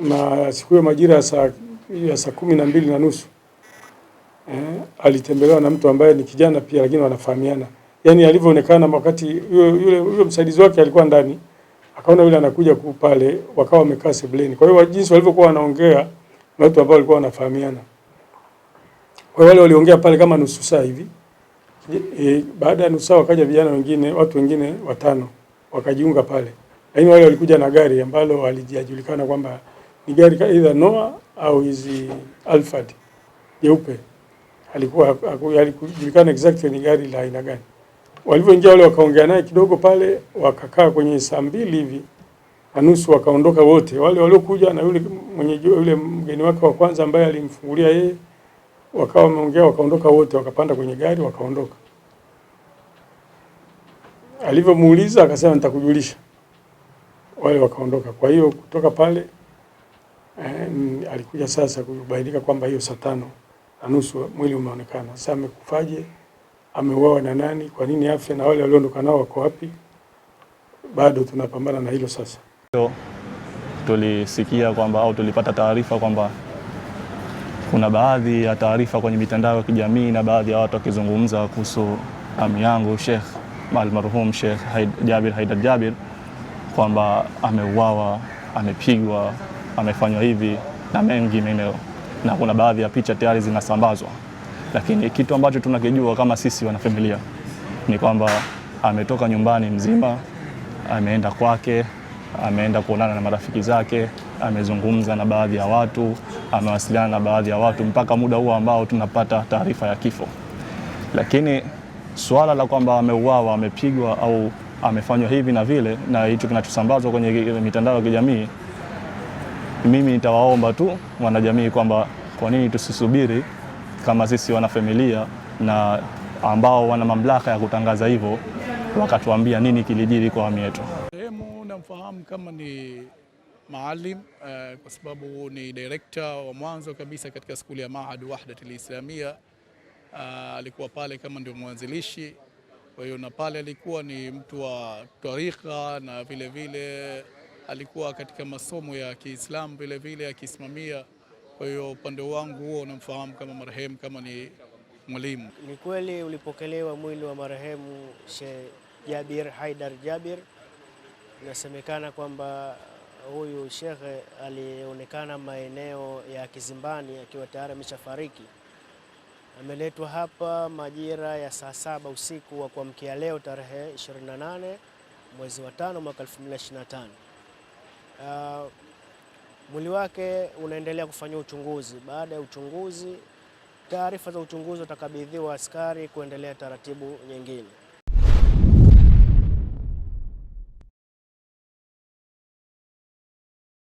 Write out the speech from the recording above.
na siku hiyo majira ya saa ya saa kumi na mbili na nusu eh, alitembelewa na mtu ambaye ni kijana pia, lakini wanafahamiana. Yani alivyoonekana wakati yule yule msaidizi wake alikuwa ndani, akaona yule anakuja ku pale, wakawa wamekaa sebuleni. Kwa hiyo jinsi walivyokuwa wanaongea na watu ambao walikuwa wanafahamiana, kwa hiyo wale waliongea pale kama nusu saa hivi e, e, baada ya nusu saa wakaja vijana wengine, watu wengine watano wakajiunga pale, lakini wale walikuja na gari ambalo halijajulikana kwamba ni gari aidha Noah au hizi Alphard jeupe, alikuwa alikujulikana exactly ni gari la aina gani. Walivyoingia wale wakaongea naye kidogo pale, wakakaa kwenye saa mbili hivi na nusu, wakaondoka wote wale waliokuja na yule mwenyeji, yule mgeni wake wa kwanza ambaye alimfungulia yeye, wakawa wameongea, wakaondoka wote, wakapanda kwenye gari wakaondoka. Alivyomuuliza akasema nitakujulisha, wale wakaondoka. Kwa hiyo kutoka pale eh, alikuja sasa kubainika kwamba hiyo saa tano na nusu mwili umeonekana. Sasa amekufaje? Ameuawa na nani? Kwa nini afya? Na wale walioondoka nao wako wapi? Bado tunapambana na hilo sasa. Tulisikia kwamba au tulipata taarifa kwamba kuna baadhi ya taarifa kwenye mitandao ya kijamii na baadhi ya watu wakizungumza kuhusu ami yangu Sheikh almarhum Sheikh Haid, Jabir Haidar Jabir kwamba ameuawa, amepigwa amefanywa hivi na mengi mengineo, na kuna baadhi ya picha tayari zinasambazwa, lakini kitu ambacho tunakijua kama sisi wanafamilia ni kwamba ametoka nyumbani mzima, ameenda kwake, ameenda kuonana na marafiki zake, amezungumza na baadhi ya watu, amewasiliana na baadhi ya watu mpaka muda huo ambao tunapata taarifa ya kifo. Lakini swala la kwamba ameuawa, amepigwa au amefanywa hivi na vile, na hicho kinachosambazwa kwenye mitandao ya kijamii mimi nitawaomba tu wanajamii kwamba kwa nini tusisubiri kama sisi wanafamilia na ambao wana mamlaka ya kutangaza hivyo wakatuambia nini kilijiri kwa wami yetu. Sehemu namfahamu kama ni maalim uh, kwa sababu ni direkta wa mwanzo kabisa katika skuli ya Maahad Wahdat Alislamia. Uh, alikuwa pale kama ndio mwanzilishi, kwa hiyo na pale alikuwa ni mtu wa tarika na vile vile alikuwa katika masomo ya Kiislamu vile vile akisimamia. Kwa hiyo upande wangu huo unamfahamu kama marehemu kama ni mwalimu. Ni kweli ulipokelewa mwili wa marehemu Sheikh Jabir Haidar Jabir. Inasemekana kwamba huyu shekhe alionekana maeneo ya Kizimbani akiwa tayari ameshafariki. Ameletwa hapa majira ya saa saba usiku wa kuamkia leo tarehe 28 mwezi wa tano mwaka 2025 uh, mwili wake unaendelea kufanyia uchunguzi. Baada ya uchunguzi, taarifa za uchunguzi watakabidhiwa askari kuendelea taratibu nyingine.